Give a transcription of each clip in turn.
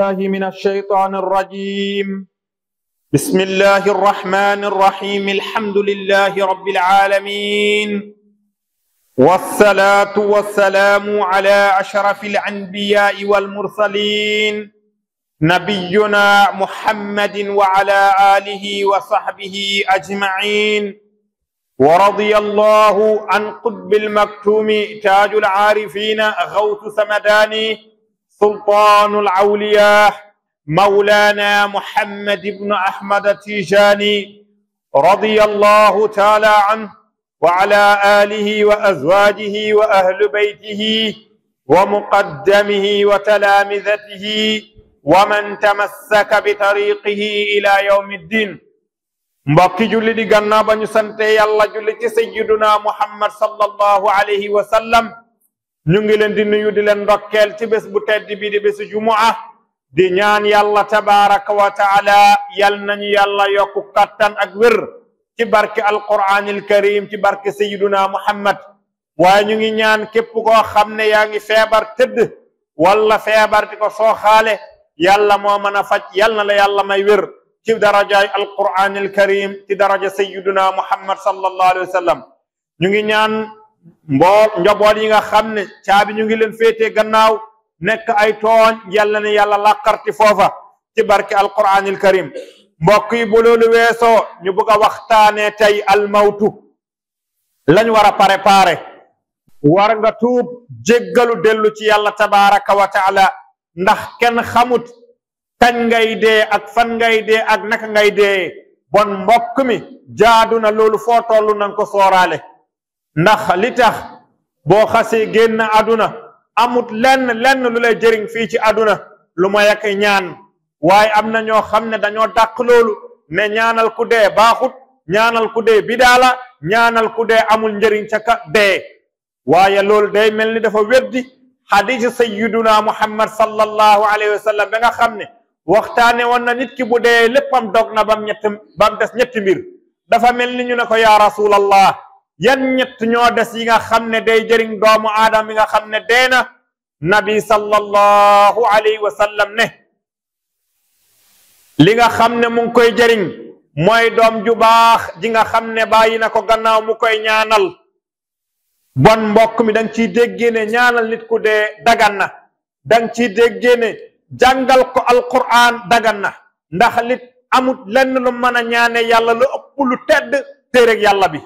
الله من الشيطان الرجيم بسم الله الرحمن الرحيم الحمد لله رب العالمين والصلاة والسلام على أشرف الأنبياء والمرسلين نبينا محمد وعلى آله وصحبه أجمعين ورضي الله عن قطب المكتوم تاج العارفين غوث سمداني sultaanul awliyaa mawlaana Muhammad ibnu Ahmad Tijaani radiyallahu taala anhu wa ala aalihi wa azwaajihi wa ahli baytihi wa muqaddamihi wa talaamizatihi wa man tamassaka bi tariiqihi ilaa yawmi ddiin mbokki julli di gannaaw ba ñu sante yàlla julli ci sayyiduna Muhammad sallallahu alayhi wa sallam ñu ngi leen di nuyu di leen ndokkeel ci bés bu tedd bi di bésu jumua di ñaan yàlla tabaraka wa taala yal nañu yàlla yokku kattan ak wér ci barke alquranil karim ci barke sayiduna muhammad waaye ñu ngi ñaan képp koo xam ne yaa ngi feebar tëdd wala feebar ti ko sooxaale yàlla moo mën a faj yal na la yàlla may wér ci darajaay alquranil karim ci daraja sayiduna muhammad sallallahu alayhi wa ngi ñaan mbool njaboot yi nga xam ne caabi ñu ngi leen féetee gannaaw nekk ay tooñ yàlla ne yàlla làqarti foofa ci barke alquranil karim mbokk yi bu loolu weesoo ñu bëgg a waxtaanee tey almawtu lañ war a pare war nga tuub jéggalu dellu ci yàlla tabaraka wa taala ndax kenn xamut kañ ngay dee ak fan ngay dee ak naka ngay dee bon mbokk mi jaadu na loolu foo tollu nanga ko sooraale ndax li tax boo xasee génn àdduna amut lenn lenn lu lay jëriñ fii ci àdduna lu ma yàq ñaan waaye am na ñoo xam ne dañoo dàq loolu ne ñaanal ku dee baaxut ñaanal ku dee bidaa ñaanal ku dee amul njëriñ ca dee waaye loolu day mel ni dafa weddi xadiisi sayyiduna muhammad sallallahu alayhi wa sallam ba nga xam ne waxtaane woon na nit ki bu dee léppam dog na bam ñett ñetti mbir dafa mel ni ñu ne ko yaa rasulallah yan ñett ñoo des yi nga xam ne day jëriñ doomu aadama yi nga xam ne dee na nabi sallallahu alayhi wa ne li nga xam ne mu ngi koy jëriñ mooy doom ju baax ji nga xam ne bàyyi na ko gannaaw mu koy ñaanal bon mbokk mi danga ciy déggee ne ñaanal nit ku dee dagan na danga ciy déggee ne jàngal ko alquran dagan na ndax lit amut lenn lu mën a ñaane yàlla lu ëpp lu tedd téereg yàlla bi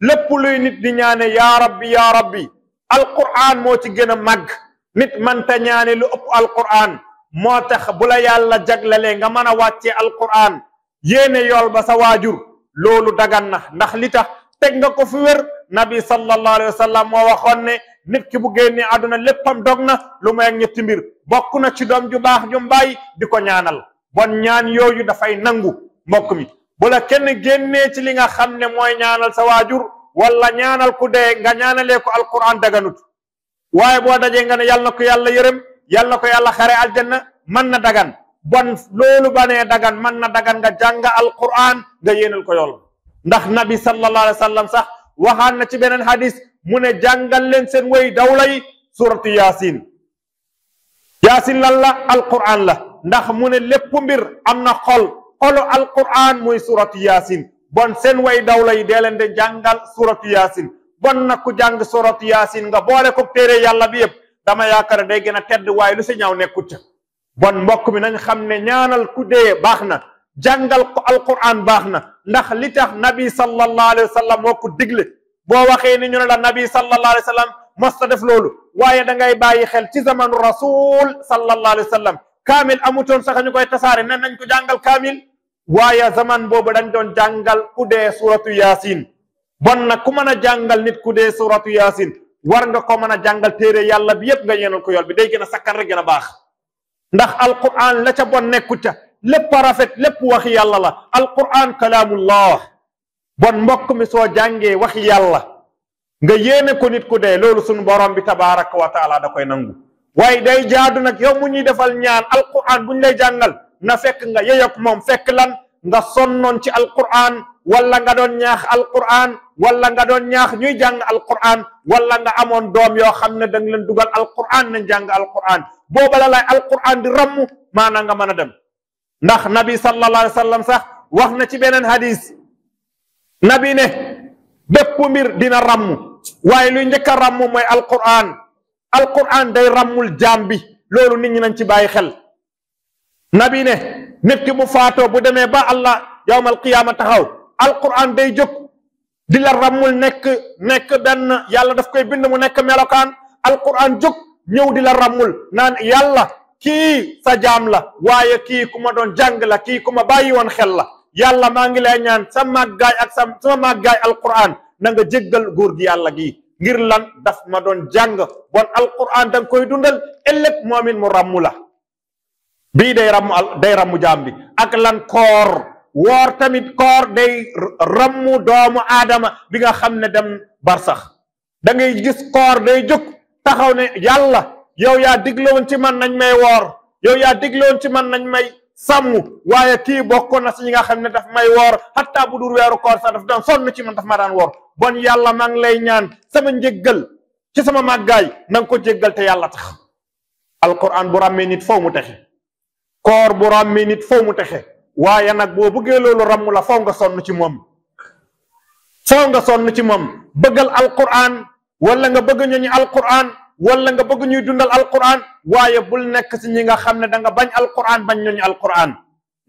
lépp luy nit di ñaane ya rabbi yaa rabbi alquran moo ci gën a màgg nit mënta ñaane lu ëpp alquran moo tax bu la yàlla jaglalee nga mën a wàccee alquran yéene yool ba sa waajur loolu dagan na ndax li tax teg nga ko fu wér nabi sallallahu alayhi wa sallam moo waxoon ne nit ki bu génnee àdduna léppam dog na lu may ak ñetti mbir bokk na ci doom ju baax ju mbaay di ko ñaanal bon ñaan yooyu dafay nangu mbokk mi bu kenn génnee ci li nga xam ne mooy ñaanal sa walla wala ñaanal ku dee nga ñaanalee ko alquran daganut waaye boo dajee nga ne yàlla na ko yàlla yërëm yàlla na ko yàlla xare aljanna mën na dagan bon loolu banee dagan mën na dagan nga jàng alquran nga yéenal ko yool ndax nabi sallallahu alayhi wa sax waxaan na ci beneen hadis mu ne jàngal leen seen way dawlay suratu yaasin yaasin lan la alquran la ndax mu ne lépp mbir am na xol xolo alquran mooy suratu yaasin bon seen way dawla yi dee leen de jàngal suratu bon nag ku jàng suratu nga boole ko téere yàlla bi yëpp dama yaakaar day gën a tedd waaye lu ñaw ñaaw nekkut bon mbokk mi nañ xam ne ñaanal ku dee baax na jàngal ko alquran baax na ndax li tax nabi sallallahu alayhi wa sallam moo ko digle boo waxee ni ñu ne la nabi sallallahu alayhi wa sallam mosta def loolu waaye da ngay bàyyi xel ci zamanu rasul sallallahu alayhi wa sallam kaamil amutoon sax ñu koy tasaare nen nañ ko jàngal kaamil waaye zaman booba dañ doon jàngal ku dee suratu yaasin bon nag ku mën a jàngal nit ku dee suratu yaasin war nga ko mën a jàngal téere yàlla bi yépp nga yéenal ko yool bi day gën a sakkan rek a baax ndax alquran la ca bon nekku ca lépp rafet lépp wax yàlla la alquran kalaamullah bon mbokk mi soo jàngee wax yàlla nga yéene ko nit ku dee loolu suñu borom bi tabaraka wa taala da koy nangu waaye day jaadu nag yow mu ñuy defal ñaan alquran bu ñu jàngal na fekk nga yeyoog moom fekk lan nga sonnoon ci alquran wala nga doon ñaax alquran wala nga doon ñaax ñuy jàng alquran wala nga amoon doom yoo xam ne danga leen dugal alquran nañ jàng boo booba la lay alquran di ramm maanaa nga mën a dem ndax nabi sallallahu sallam sax wax na ci beneen hadis nabi ne bépp mbir dina ramm waaye luy njëkk a ramm mooy alquran alquran day rammul jaam bi loolu nit ñi nañ ci bàyyi xel nabi ne nit ki bu bu demee ba allah yawmal qiyaama taxaw alquran day jóg di la rammul nekk nekk benn yàlla daf koy bind mu nekk melokaan alquran jog ñëw di la rammul naan yàlla kii sa jaam la waaye kii ku ma doon jàng la kii ku ma bàyyi woon xel la yàlla maa ngi lay ñaan sa màggaay ak sa sama màggaay alquran na nga jéggal góor gi yàlla gi ngir lan daf ma doon jàng bon alquran da nga koy dundal ëllëg moomin mu ràmmu la bii day ramm day ramm jaam ak lan koor woor tamit koor day rammu doomu aadama bi nga xam ne dem bar sax ngay gis koor day jóg taxaw ne yàlla yow yaa digloon ci man nañ may woor yow yaa digloon ci man nañ may sàmm waaye kii bokkoon na si ñi nga xam ne daf may woor xataa bu dul weeru koor sax daf daan sonn ci man daf maa daan woor bon yàlla maa ngi lay ñaan sama njëggal ci sama màggaay na ko jéggal te yàlla tax alquran bu ràmmee nit foo mu texi koor bu ràmmee nit foo mu texe waaye nag boo bëggee loolu ràmm la faw nga sonnu ci moom faw nga sonn ci moom bëggal alquran wala nga bëgg ñooñu alquran wala nga bëgg ñuy dundal alquran waaye bul nekk si ñi nga xam ne da nga bañ alquran bañ ñooñu alquran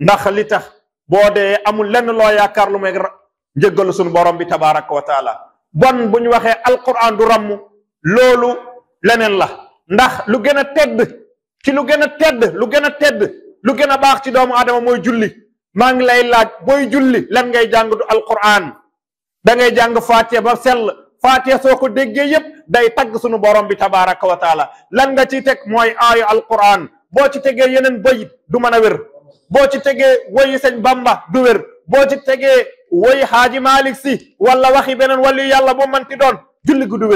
ndax li tax boo dee amul lenn loo yaakaar lu may njëggalu suñu borom bi tabaraka wa taala bon bu ñu waxee alquran du ràmm loolu leneen la ndax lu gën a tedd ci lu gën a tedd lu gën a tedd lu gën a baax ci doomu aadama mooy julli maa ngi lay laaj booy julli lan ngay jàng du alquran da ngay jàng faatiha ba sell faatiha soo ko déggee yépp day tagg sunu borom bi tabaraka wa taala lan nga ciy teg mooy aaya alquran boo ci tegee yeneen bëy du mën a wér boo ci tegee woyi sëñ bamba du wér boo ci tegee woyi xaaji malik si wala waxi beneen wali yàlla boo manti doon julli gu du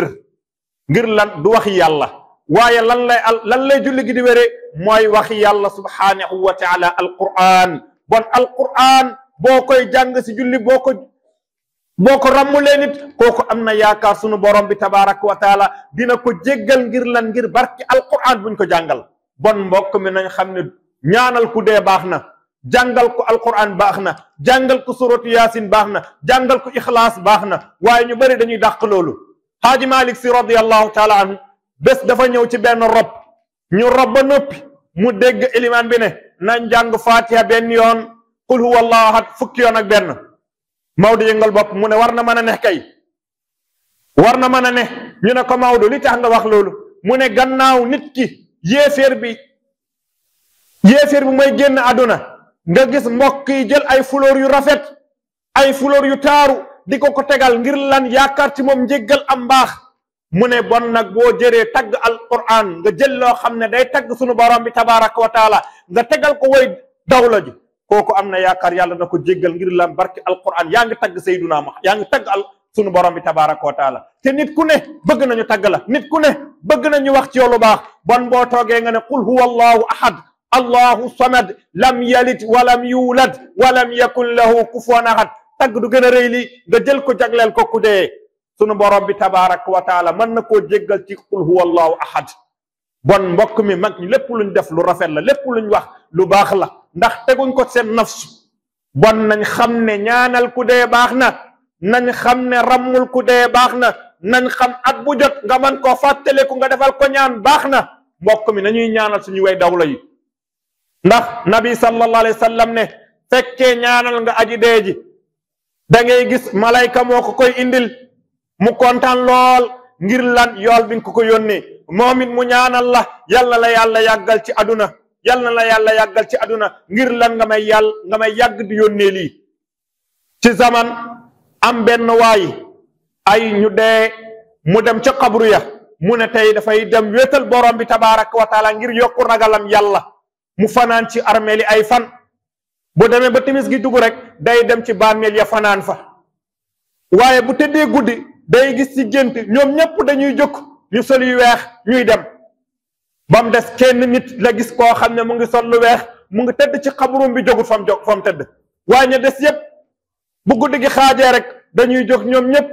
ngir lan du waxi yàlla waaye lan lay al lan lay julli gi di wéree mooy waxi yàlla subhaanahu wa taala alquran bon alquran boo koy jàng si julli boo ko boo ko ràmmulee kooku am na yaakaar sunu borom bi tabaraka wa taala dina ko jéggal ngir lan ngir barki alquran buñ ko jàngal bon mbokk mi nañ xam ne ñaanal ku dee baax na jàngal ko alquran baax na jàngal ko suratu yaasin baax na jàngal ko ixlaas baax na waaye ñu bëri dañuy dàq loolu xaaji malik si radiallahu taala anhu bés dafa ñëw ci benn rob ñu rob noppi mu dégg ilimaan bi ne nañ jàng faatiha benn yoon qul huwa allahu ahad fukki yoon ak benn Maodo yëngal bopp mu ne war na mën a ne kay war na mën a ne ñu ne ko Maodo li tax nga wax loolu mu ne gannaaw nit ki yéeféer bi yéeféer bi mooy génn àdduna nga gis mbokk yi jël ay fuloor yu rafet ay fuloor yu taaru di ko ko tegal ngir lan yaakaar ci moom njéggal am mbaax mu ne bon nag boo jëree tagg alquran nga jël loo xam ne day tagg sunu borom bi tabaraka wa taala nga tegal ko way dawla ji kooku am na yaakaar yàlla na ko jéggal ngir lam barke alquran yaa ngi tagg sayduna ma yaa ngi tagg al sunu borom bi tabaraka wa taala te nit ku ne bëgg nañu tagg la nit ku ne bëgg nañu wax ci yow lu baax bon boo toogee nga ne qul huwa allahu ahad allahu samad lam wa walam yuulad walam yakun lahu kufuwan ahad tagg du gën a rëy li nga jël ko jagleel ko ku dee sunu borom bi tabaraka wa taala mën na koo jéggal ci qul huwa allahu ahad bon mbokk mi mag ñi lépp luñ def lu rafet la lépp luñ wax lu baax la ndax teguñ ko seen nafsu bon nañ xam ne ñaanal ku dee baax na nañ xam ne rammul ku dee baax na nañ xam at bu jot nga mën koo ku nga defal ko ñaan baax na mbokk mi nañuy ñaanal suñu way dawla yi ndax nabi sallallahu alayhi wa sallam ne fekkee ñaanal nga aji dee gis malayka moo ko koy indil mu kontaan lool ngir lan yool bi nga ko ko yónnee moom it mu ñaanal la yàlla la yàlla yàggal ci aduna yàlla yàlla yàggal ci aduna ngir lan nga may yàll nga yàgg di yónnee lii ci zaman am benn waay ay ñu dee mu dem ca xabru ya mu ne tey dafay dem wéetal borom bi tabaraka wa taala ngir yokku ragalam yàlla mu fanaan ci armeel yi ay fan bu demee ba timis gi dugg rek day dem ci bàmmeel ya fanaan fa waaye bu tëddee guddi day gis ci gént ñoom ñëpp dañuy jóg ñu sol yu weex ñuy dem ba mu des kenn nit la gis koo xam ne mu ngi sol lu weex mu ngi tëdd ci xabarum bi jógut fa mu jóg fa mu tëdd waaye des yëpp bu guddi gi xaajee rek dañuy jóg ñoom ñëpp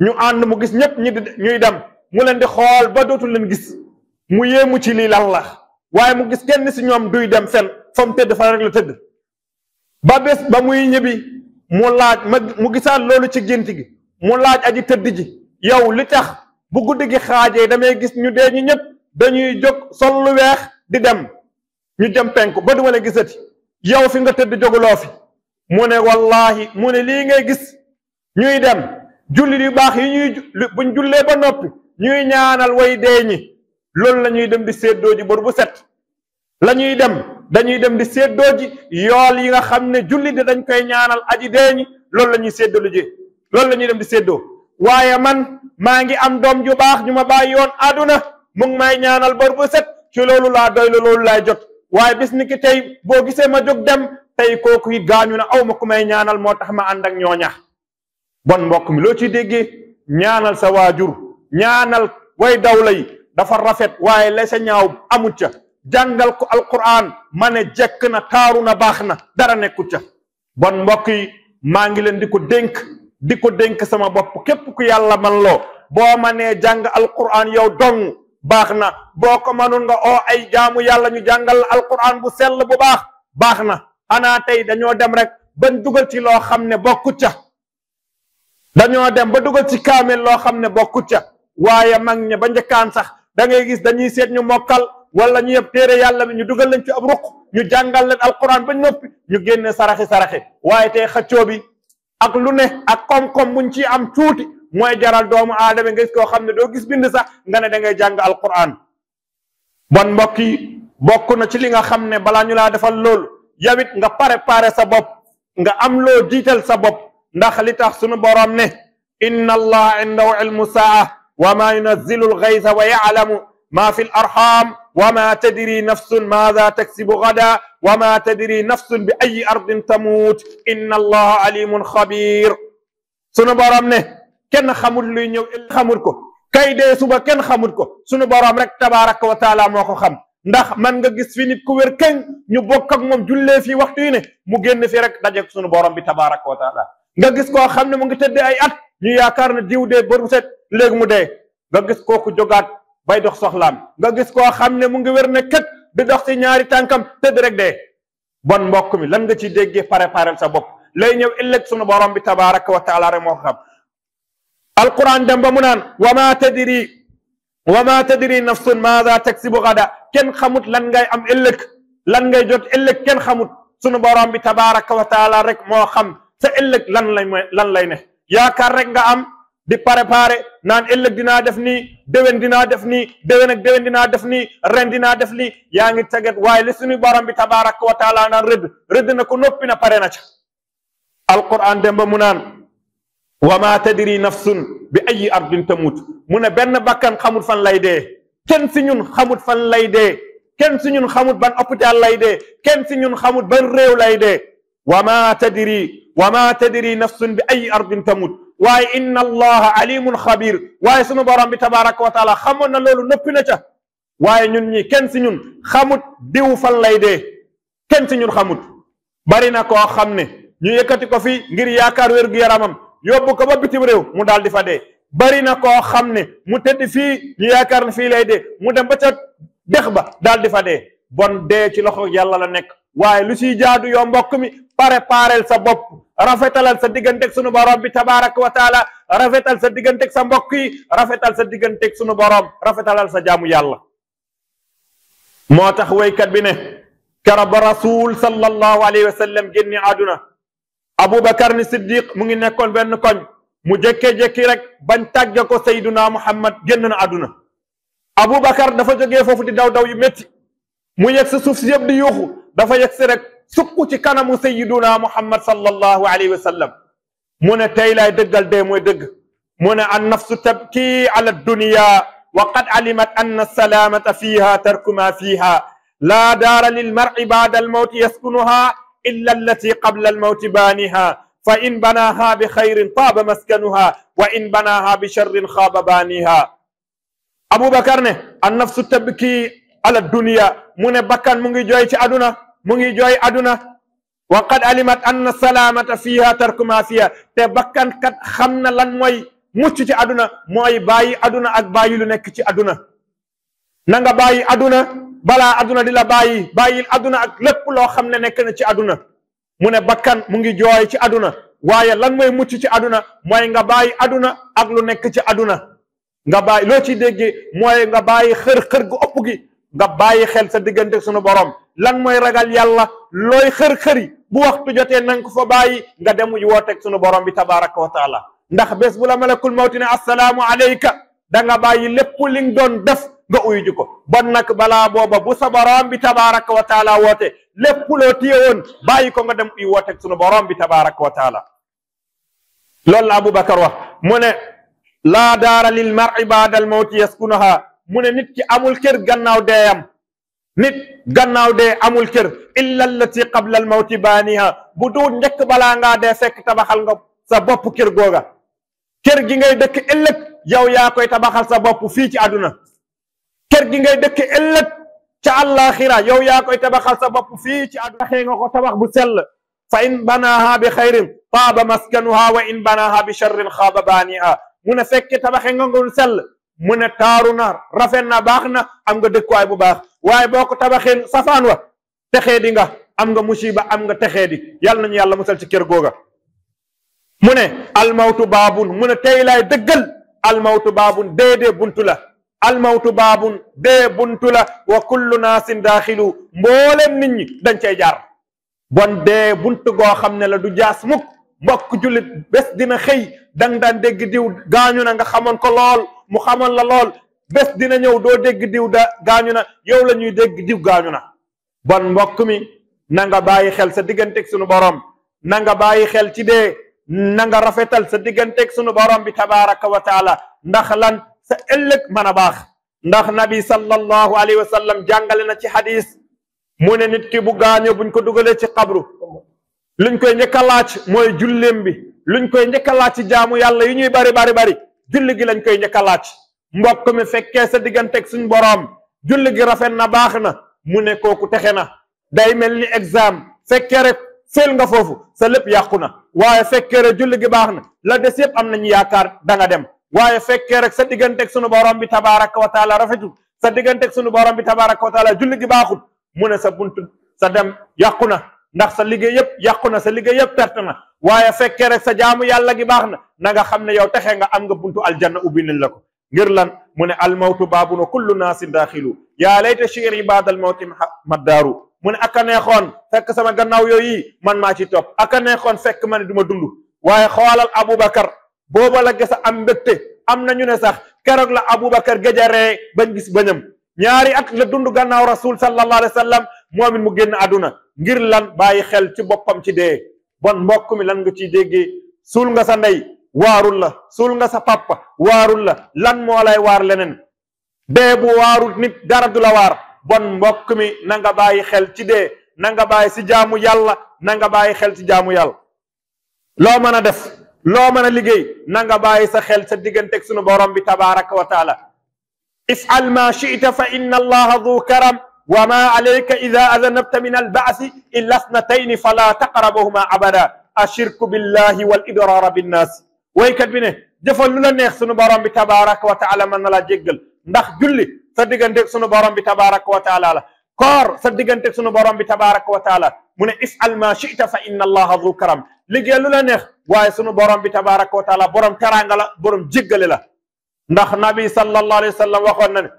ñu ànd mu gis ñëpp ñi ñuy dem mu leen di xool ba dootul leen gis mu yéemu ci lii lan la waaye mu gis kenn si ñoom duy dem fen fa mu rek la tëdd ba bés ba muy ñibbi mu laaj ma mu gisaat loolu ci gént gi mu laaj aji tëdd ji yow li tax bu guddi gi xaajee damay gis ñu dee ñu ñëpp dañuy jóg sol di dem ñu jëm penku ba duma la gisati yow fi nga tëdd jóguloo fi mu ne wallahi mu ne lii ngay gis ñuy dem jullit yu baax yi ñuy buñ jullee ba noppi ñuy ñaanal way dee ñi loolu la ñuy dem di séddoo ji bor bu set la ñuy dem dañuy dem di séddoo ji yool yi nga xam ne jullit dañ koy ñaanal aji dee ñi loolu la ñuy ji loolu la ñuy dem di séddoo waaye man maa ngi am doom ju baax ñu ma bàyyi yoon àdduna mu may ñaanal bor bu set ci loolu laa doylu loolu laay jot waaye bis ni ki tey boo gisee ma jóg dem tey kooku it gaañu na aw ma ku may ñaanal moo tax ma ànd ak ñooña bon mbokk mi loo ci déggee ñaanal sa waajur ñaanal way dawla yi dafa rafet waaye la sa ñaaw amut ca jàngal ko alquran ma ne jekk na taaru na baax na dara nekkut ca bon mbokk yi maa ngi leen di ko dénk di ko dénk sama bopp képp ku yàlla man loo boo manee jàng al alquran yow dong baax na boo ko manul nga oo ay jaamu yàlla ñu jàngal alquran bu sell bu baax baax na xanaa tey dañoo dem rek bañ dugal ci loo xam ne bokkut ca dañoo dem ba dugal ci kaamil loo xam ne bokkut ca waaye mag ñi ba njëkkaan sax dangay gis dañuy seet ñu mokkal wala ñu yëpp téere yàlla bi ñu dugal leen ci ab ruq ñu jàngal leen alquran ba noppi ñu génne saraxi saraxi waaye tey ak lu ne ak koom-koom buñ ci am tuuti mooy jaral doomu aadama nga gis koo xam ne doo gis bind sax nga ne da ngay jàng alquran bon mbokk yi bokk na ci li nga xam ne balaa ñu laa defal loolu yow it nga préparé sa bopp nga am loo jiital sa bopp ndax li tax suñu boroom ne inna allaha indahu ilmu saa wa ma yunazzilu algaysa wa yaalamu ma fi l وما تدري نفس ماذا تكسب غدا وما تدري نفس بأي أرض تموت إن الله عليم خبير sunu boroom ne kenn xamul luy ñëw xamul ko kay dee suba kenn xamul ko sunu boroom rek tabaraka wa taala moo ko xam ndax man nga gis fi nit ku wér kañ ñu bokk ak moom jullee fii waxtu yi ne mu génn fi rek dajeeg sunu boroom bi tabaraka wa taala nga gis koo xam ne mu ngi tëddee ay at ñu yaakaar ne diw dee bër bu set léegi mu dee nga gis kooku jogaat bay dox soxlaam nga gis koo xam ne mu ngi wér ne kët di dox si ñaari tànkam tëdd rek dee bon mbokk mi lan nga ci déggee préparel sa bopp lay ñëw ëllëg sunu borom bi tabaraka wa taala moo ko ba mu naan wa ma tadri wa ma tadri nafsun maada taksibu gada kenn xamut lan ngay am ëllëg lan ngay jot ëllëg kenn xamut sunu borom bi tabaraka wa taala rek moo xam sa ëllëg lan lay lan lay ne yaakaar rek nga am di préparé naan ëllëg dinaa def nii déwén dinaa def nii déwén ak dinaa def nii ren dinaa def lii yaa ngi teget waaye li suñu borom bi tabaraka wa taala naan rëdd rëdd na ko noppi na pare na ca alquran dem ba mu naan wa maa nafsun bi ayi ardin tamut mu ne benn bakkan xamut fan lay dee kenn si ñun xamut fan lay dee kenn si ñun xamut ban hôpital lay dee kenn si ñun xamut ban réew lay dee wa maa tadri wa maa tadri nafsun bi ay ardin tamut waaye inna allaha alimun xabir waaye sunu borom bi tabaraka wa taala xamoon na loolu nëppi na ca waaye ñun ñi kenn si ñun xamut diw fan lay de kenn si ñun xamut bari na koo xam ne ñu yëkkati ko fi ngir yaakaar wér-gu-yaramam yóbbu ko ba bitim réew mu daal di fa dee bari na koo xam ne mu tëdd fii ñu yaakaar ne fii lay dee mu dem ba ca dex ba daal di fa dee bon dee ci loxo yàlla la nekk waaye lu siy jaadu yoo mbokk mi préparel sa bopp rafetalal sa digganteeg sunu borom bi tabaraka wa taala rafetal sa digganteeg sa mbokk yi rafetal sa digganteeg sunu borom rafetalal sa jaamu yàlla moo tax waykat bi ne kera ba rasul sallallahu alayhi wa sallam génni àdduna aboubacar ni siddiq mu ngi nekkoon benn koñ mu jékkee-jékki rek bañ tàgge ko sayduna muhammad génn na àdduna dafa jógee foofu di daw daw yu mu yegg si suuf si yëpp di yuuxu dafa yegg si rek sukk ci kanamu sayyiduna muhammad sallallahu alayhi wa sallam mu ne tey laay dëggal dee mooy dëgg mu ne an nafsu tabki ala dunya wa qad alimat anna salaamata fiha tarku ma fiha laa daara lilmar'i baada almawti yaskunuha illa allati qabla almawti baaniha fa in banaaha bi xayrin taaba maskanuha wa in banaaha bi sharrin xaaba baaniha abubakar ne an nafsu tabki ala dunia mu ne bakkan mu ngi jooy ci aduna mu ngi joy aduna wa qad alimat anna salaamata fiha tarku ma fiha te bakkan kat xam na lan mooy mucc ci aduna mooy bàyyi aduna ak bàyyi lu nekk ci aduna na nga bàyyi aduna balaa aduna di la bàyyi bàyyil aduna ak lépp loo xam ne nekk na ci aduna mu ne bakkan mu ngi jooy ci aduna waaye lan mooy mucc ci aduna mooy nga bàyyi aduna ak lu nekk ci aduna nga bàyyi loo ci déggee nga bàyyi xër xër gu ëpp gi nga bàyyi xel sa diggante sunu borom lan mooy ragal yàlla looy xër-xëri bu waxtu jotee na nga ko fa bàyyi nga dem wooteeg sunu borom bi tabaraka wa taala ndax bés bu la malakul mawti ne assalaamu alayka da nga bàyyi lépp li doon def nga uyu ji ko bon nag balaa booba bu sa borom bi tabaraka wa taala woote lépp loo téye woon bàyyi ko nga dem uy wooteeg sunu borom bi tabaraka wa taala loolu la Abubakar wa mu ne laa daara lil mar'i baada al mawti yaskunaha mu ne nit ki amul kër gannaaw deeyam nit gannaaw dee amul kër illa allati qabla al baaniha bu duu njëkk balaa ngaa dee fekk tabaxal nga sa bopp kër googa kër gi ngay dëkk ëllëg yow yaa koy tabaxal sa bopp fii ci àdduna kër gi ngay dëkk ëllëg ca àllaaxira yow yaa koy tabaxal sa bopp fii ci àdduna xee nga ko tabax bu sell fa in banaaha bi xayrin taaba maskanuha wa in banaaha bi sharrin xaaba baaniha mu ne fekke tabaxe nga ngul sell mu ne taaru na rafet na baax na am nga dëkkuwaay bu baax waaye boo ko tabaxee safaan wa texee di nga am nga musiba am nga texee di yàlla nañu yàlla musal ci kër googa mu ne almawtu baabun mu ne tey laay dëggal almawtu baabun déedee buntu la almawtu baabun dee buntu la wa kullu naasin daaxilu mbooleem nit ñi dañ cay jaar bon dee buntu goo xam ne la du jaas mukk mbokk julit bés dina xëy dang daan dégg diw gaañu na nga xamoon ko lool mu xamoon la lool bés dina ñëw doo dégg diw da gaañu na yow la ñuy dégg diw gaañu na bon mbokk mi nanga nga bàyyi xel sa digganteeg sunu borom na nga bàyyi xel ci dee na nga rafetal sa digganteeg sunu borom bi tabaraka wa taala ndax lan sa ëllëg mën a baax ndax nabi sallallahu alayhi wa sallam jàngale na ci hadis mu ne nit ki bu gaañoo buñ ko dugalee ci xabru luñ koy njëkk laaj mooy julleem bi luñ koy njëkk a laaj ci jaamu yàlla yi ñuy bari bari bari julli gi lañ koy njëkk a mbokk mi fekkee sa digganteeg suñu boroom julli gi rafet na baax na mu ne kooku texe na day mel ni examen fekkee rek féel nga foofu sa lépp yàqu na waaye fekkee rek julli gi baax na la des yëpp am nañu yaakaar da nga dem waaye fekkee rek sa digganteeg suñu borom bi tabaraka wa taala rafetul sa digganteeg suñu borom bi tabaraka wa julli gi baaxul mu ne sa bunt sa dem yàqu na ndax sa liggéey yëpp yàqu na sa liggéey yëpp perte na waaye fekkee sa jaamu yàlla gi baax na na nga xam ne yow texe nga am nga buntu aljanna ubbi nañ la ko ngir lan mu ne almawtu baabun wa kullu naasin daaxilu yaa layta shi'rii ba'da almawti maddaaru mu ne aka neexoon fekk sama gannaaw yooyu man maa ci topp aka neexoon fekk ma ne du ma dund waaye xoolal Aboubacar booba la gis am mbégte am na ñu ne sax keroog la Aboubacar géjaree bañ gis bañam ñaari at la dund gannaaw rasul sallallahu alayhi wa sallam moomin mu génn àdduna ngir lan bàyyi xel ci boppam ci dee bon mbokk mi lan nga ciy déggee suul nga sa ndey waarul la suul nga sa papa waarul la lan moo waar leneen dee bu waarul nit dara du la waar bon mbokk mi nanga nga bàyyi xel ci dee na nga bàyyi si jaamu yàlla na nga bàyyi xel ci jaamu yàlla loo mën a def loo mën a liggéey na nga bàyyi sa xel sa digganteeg sunu borom bi tabaraka wa taala ifal ma chita fa inna allaha du karam wa ma alayka ida adanabta min albaasi illa snatayni fala taqrabahuma abada ashirku billahi wal idrara binnaas waykat bi ne jëfal lu la neex sunu borom bi tabaraka wa taala mën na laa jéggal ndax julli sa digganteeg sunu borom bi tabaraka wa taala la koor sa digganteeg sunu borom bi tabaraka wa taala mu ne ifal ma chita fa inna allaha du karam liggéey lu la neex waaye sunu borom bi tabaraka wa taala borom teraanga la borom jéggale la ndax nabi sallallahu alayhi wa sallam waxoon na ne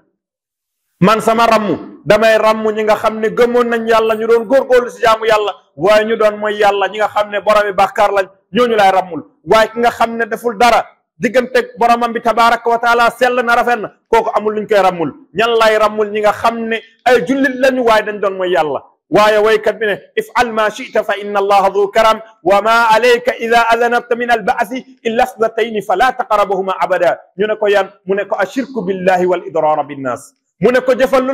man sama rammu damay ràmm ñi xam ne gëmoon nañ yàlla ñu doon góorgóorlu si jaamu yàlla waaye ñu doon mooy yàlla ñi nga xam ne boromi bàkkaar lañ ñooñu laay ràmmul waaye ki nga xam ne deful dara diggante boromam bi tabaraka wa taala sell na rafet na kooku amul luñ koy ràmmul ñan lay ràmmul ñi nga xam ne ay jullit lañu waaye dañ doon mooy yàlla waaye waykat bi ne ifal ma chita fa inna allaha du karam wa ma alayka ida adanabta min albaasi illa isnatayni fala taqrabahuma abada ñu ne ko yan mu ne ko ashirku billahi wal idrara binnas mu ne ko jëfal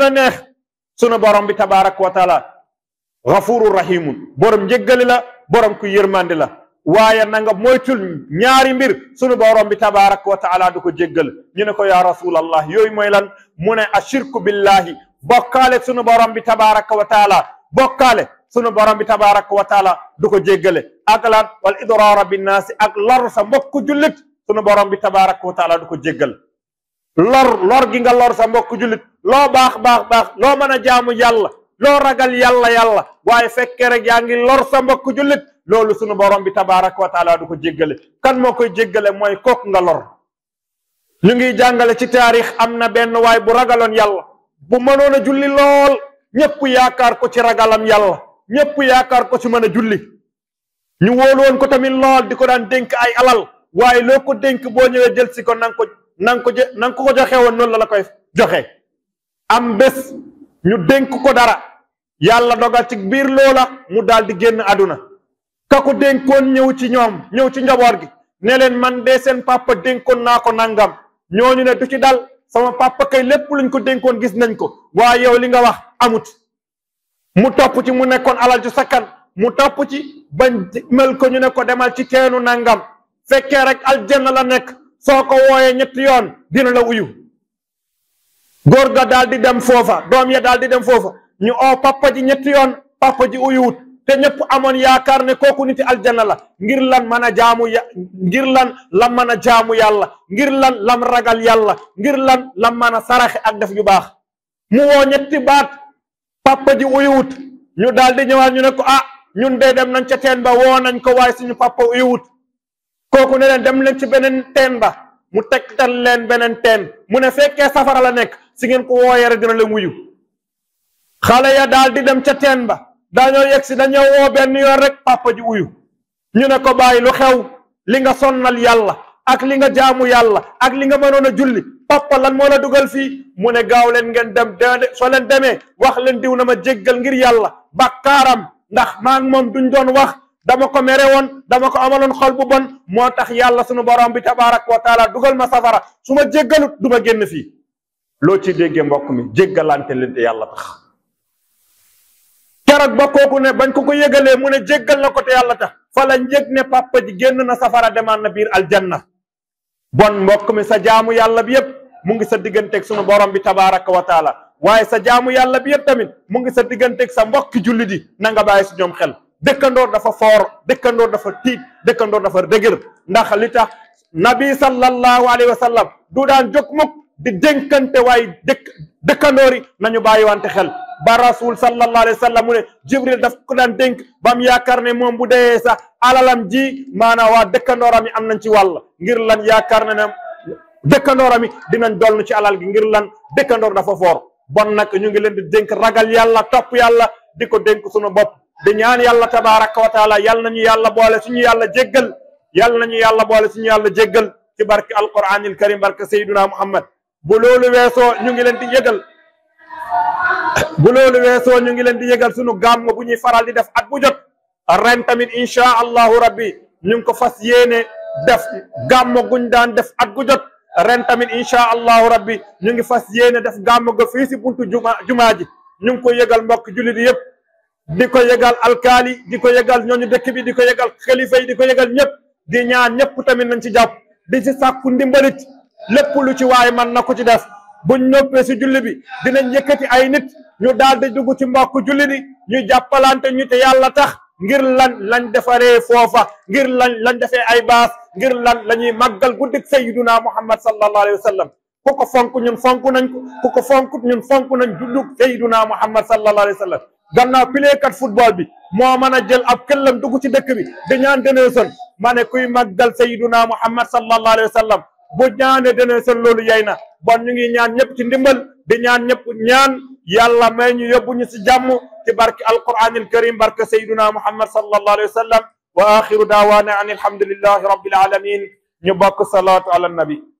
sunu borom bi tabaaraka wa taala xafuru rahimun borom njëggali la borom ku yërmandi la waaye nanga nga moytul ñaari mbir sunu borom bi tabaaraka wa taala du ko jéggal ñu ne ko yaa rasulallah yooyu mooy lan mu ne ashirku billahi bokkaale sunu borom bi tabaaraka wa taala bokkaale sunu borom bi tabaaraka wa taala du ko jéggale ak lan wal idraara binnaasi ak lor sa mbokku jullit sunu borom bi tabaaraka wa taala du ko jéggal lor lor gi nga lor sa mbokk jullit loo baax baax baax loo mën a jaamu yàlla loo ragal yàlla yàlla waaye fekkee rek yaa ngi lor sa mbokk jullit loolu sunu borom bi tabaraka wa taala du ko jéggale kan moo koy jéggale mooy kok nga lor ñu ngi jàngale ci taarix am na benn waay bu ragaloon yàlla bu mënoon a julli lool ñëpp yaakaar ko ci ragalam yàlla ñëpp yaakaar ko ci mën a julli ñu wóolu ko tamit lool di ko daan dénk ay alal waaye loo ko dénk boo ñëwee jël si ko na ko na nga ko na ko ko joxe woon noonu la la koy joxe am bés ñu dénk ko dara yàlla dogal ci biir loola mu daal di génn àdduna ka ko dénkoon ñëw ci ñoom ñëw ci njaboot gi ne leen man de seen papa dénkoon naa ko nangam ñooñu ne du ci dal sama papa kay lépp luñ ko dénkoon gis nañ ko waaye yow li nga wax amut mu topp ci mu nekkoon alal ju sakkan mu topp ci bañ mel ko ñu ne ko demal ci teenu nangam. fekkee rek aljanna la nekk soo ko wooyee ñetti yoon dina la uyu góor ga daal dem foofa doom ya daal di dem foofa ñu oo papa ji ñetti yoon papa ji uyuwut te ñëpp amoon yaakaar ne kooku niti aljanna la ngir lan mën a jaamu ya ngir lan mën a jaamu yàlla ngir lan lam ragal yàlla ngir lan la mën a saraxe ak def yu baax mu woo ñetti baat papa ji uyuwut ñu daal di ñëwaat ñu ne ko ah ñun de dem nañ ca teen ba woo nañ ko waaye suñu papa uyuwut kooku ne leen dem leen ci beneen teen ba mu tegtal leen beneen teen mu ne fekkee safara la nekk si ngeen ko wooyee rek dina leen wuyu xale ya daal di dem ca teen ba dañoo yegg si dañoo woo benn yoon rek papa ji wuyu ñu ne ko bàyyi lu xew li nga sonnal yàlla ak li nga jaamu yàlla ak li nga mënoon a julli papa lan moo la dugal fii mu ne gaaw leen ngeen dem soo leen demee wax leen diw na ma jéggal ngir yàlla bakkaaram ndax maa moom duñ doon wax dama ko mere woon dama ko amaloon xol bu bon moo tax yàlla sunu borom bi tabaaraka wa taala dugal ma safara su ma jéggalut du ma génn fii loo ci déggee mbokk mi jéggalante leen te yàlla tax keroog ba kooku ne bañ ko ko yëgalee mu ne jéggal na ko te yàlla tax fa la ne pàppa ji génn na safara demaan na biir aljanna bon mbokk mi sa jaamu yàlla bi yëpp mu ngi sa digganteeg sunu borom bi tabaaraka wa taala waaye sa jaamu yàlla bi yëpp tamit mu ngi sa digganteeg sa mbokki jullit yi na nga si ñoom xel. dëkkandoor dafa foor dëkkandoor dafa tiit dëkkandoor dafa dëgër ndax li tax nabi sallallahu alayhi wa sallam du daan jóg mukk di dënkante waaye dëkk dëkkandoor yi nañu bàyyiwante xel ba rasul sallallahu alayhi wa sallam mu ne jibril daf ko daan dénk bam yaakaar ne moom bu dee sax alalam ji maanaam waa dëkkandooram yi am nañ ci wàll ngir lan yaakaar ne ne dëkkandooram yi dinañ dollu ci alal gi ngir lan dëkkandoor dafa foor bon nag ñu ngi leen di dénk ragal yàlla topp yàlla di ko dénk sunu bopp di ñaan yàlla tabaraka wa taala yàlla nañu yàlla boole suñu yàlla jéggal na ñu yàlla boole suñu yàlla jéggal ci barke alquranil karim barke sayduna muhammad bu loolu weesoo ñu ngi leen di yëgal bu loolu ñu ngi leen di yëgal suñu gàmm bu faral di def ak bu jot ren tamit incha allahu rabbi ñu ngi ko fas yéene def gàmm guñ daan def ak gu jot ren tamit incha allahu rabbi ñu ngi fas yéene def gàmm ga fii si buntu juma jumaa ji ñu ngi ko yëgal mbokk jullit yëpp di ko yëgal alkaali di ko yegal ñooñu dëkk bi di ko yegal xalifa yi di ko yëgal ñëpp di ñaan ñëpp tamit nañ ci jàpp di ci sàkku ndimbalit lépp ci waaye man na ko ci def buñ noppee si julli bi dinañ yëkkati ay nit ñu daal di dugg ci mbokk julli ni ñu jàppalante ñu te yàlla tax ngir lan lañ defaree foofa ngir lan lañ defee ay baas ngir lan la ñuy màggal guddik sayyiduna muhammad sallallahu alayhi wa sallam ku ko fonk ñun fonk nañ ko ku ko fonk ñun fonk nañ juddug sayyiduna muhammad sallallahu alayhi wa sallam gannaaw pileekat football bi moo mën a jël ab këllam dugg ci dëkk bi di ñaan Denelson ma ne kuy màggal sayyiduna Muhammad sallallahu alayhi wa sallam bu ñaane Denelson loolu yey na bon ñu ngi ñaan ñëpp ci ndimbal di ñaan ñëpp ñaan yàlla may ñu yóbbu ñu si jàmm ci barke alquran al karim barke sayyiduna Muhammad sallallahu alayhi wa sallam wa axiru daawaana an alhamdulillahi rabbil alamin ñu bokk salaatu ala nabi